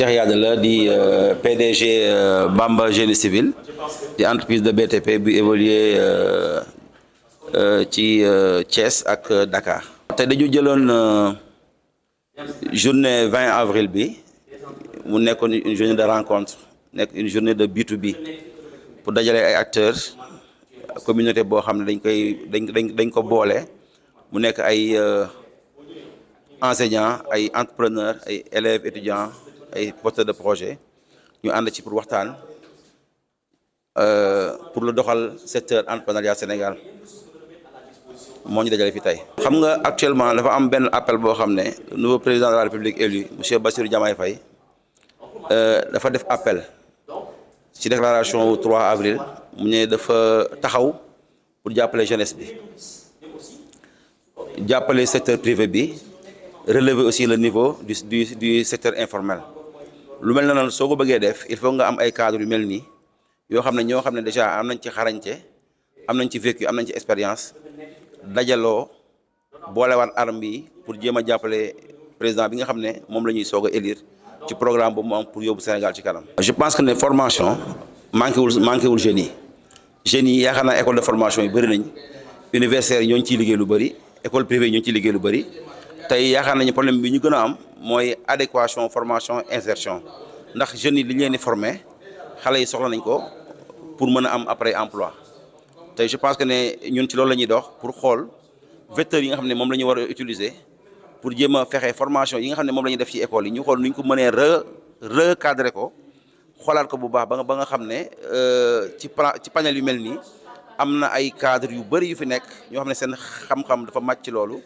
Cheikh Yade la di euh, PDG euh, Bamba Génie Civil di entreprise de BTP bi évoluer euh, ci Thiès ak Dakar. te dañu jëloon journée 20 avril bi mu nekkoon une journée de rencontre nekk une journée de B2B pour dajale ay acteurs communauté boo xam ne dañ koy dañ dañ dañ ko boole mu nekk ay enseignants ay entrepreneurs ay élèves étudiants. ay porteurs de projet ñu ànd ci pour waxtaan euh, pour lu doxal secteur entrepreneuriat Sénégal moo ñu dajale fi tey. xam nga actuellement dafa am benn appel boo xam ne le nouveau président de la République élu monsieur Bassirou Diomaye Faye euh, dafa def appel ci déclaration wu 3 avril mu ne dafa taxaw pour jàppale jeunesse bi jàppale secteur privé bi relever aussi le niveau du du du secteur informel. lu mel na noonu soo ko bëggee def il faut nga am ay cadre yu mel nii yoo xam ne ñoo xam ne déjà am nañ ci xarañte am nañ ci vécu am nañ ci expérience dajaloo boolewaat arme bi pour jéem a jàppale président bi nga xam ne moom la ñuy soog a élire ci programme bu mu am pour yóbbu Sénégal ci kanam. je pense que ne formation manqué wul manqué wul jeunes yi jeunes yi yaakaar naa école de formation yi bëri nañ universitaires yi ñoo ngi ciy liggéey lu bëri école privée yi ci liggée lu bëri. tey yaakaar nañu problème bi ñu gën a am mooy adéquation formation insertion ndax jeunes yi li ñu leen di former xale yi soxla nañ ko pour mën a am après emploi tey je pense que ne ñun ci loolu la ñuy dox pour xool vecteurs yi nga xam ne moom la ñu war a utiliser pour jéem a fexe formation yi nga xam ne moom la ñuy def ci école yi ñu xool nu ñu ko mënee re recadrer ko xoolaat ko bu baax ba nga ba nga xam ne euh, ci plan ci panel yu mel nii am na ay cadre yu bëri yu fi nekk ñoo xam ne seen xam-xam dafa màcc ci loolu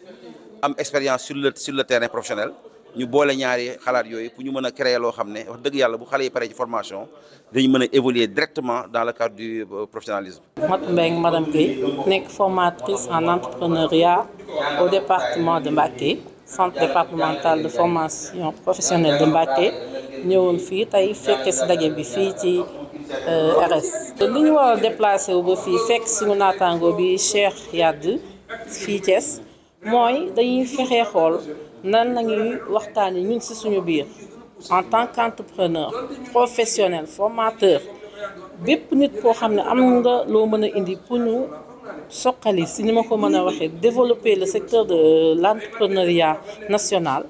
am expérience sur le sur le terrain professionnel ñu boole ñaari xalaat yooyu pour ñu mën a créer loo xam ne wax dëgg yàlla bu xale yi pare ci formation dañu mën a évoluer directement dans le cadre du euh, professionnalisme. Mate Mbengue madame Guèye nekk formatrice en entrepreneuriat au département de Mbacké centre départemental de formation professionnelle de Mbacké ñëwoon fii tey fekke si daje bi fii ci euh, RS. li ñu war a déplacé wu fii fekk suñu naataango bi Cheikh mooy dañuy fexe xool nan lañuy waxtaani ñu ci suñu biir en tant qu'entrepreneur professionnel formateur bépp nit koo xam ne am nga loo mën a indi pour ñu soqali si ni ma ko mën a waxee développer le secteur de l'entrepreneuriat national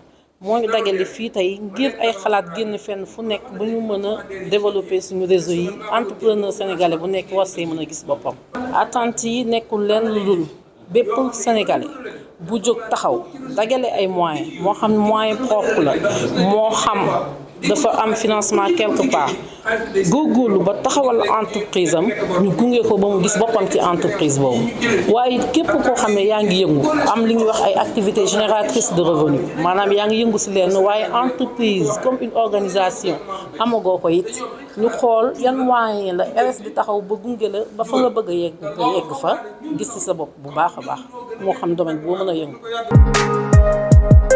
moo ngi dajale fii tey ngir ay xalaat génn fenn fu nekk bu ñu mën a développer suñu réseau yi entrepreneur sénégalais bu nekk war see mën a gis boppam. attentes yi nekkul lenn lu dul bépp sénégalais. bu jóg taxaw dajale ay moyen moo xam moyen propre la moo xam dafa am financement quelque part góorgóorlu ba taxawal entreprise am ñu gunge ko ba mu gis boppam ci entreprise boobu waaye képp koo xam ne yaa ngi yëngu am li ñuy wax ay activités génératrices de revenu maanaam yaa ngi yëngu si leen waaye entreprise comme une organisation amagoo ko it ñu xool yan moyen la RS di taxaw ba gunge la ba fa nga bëgg a yegg nga fa gis ci sa bopp bu baax a baax moo xam domaine boo mën a yëngu.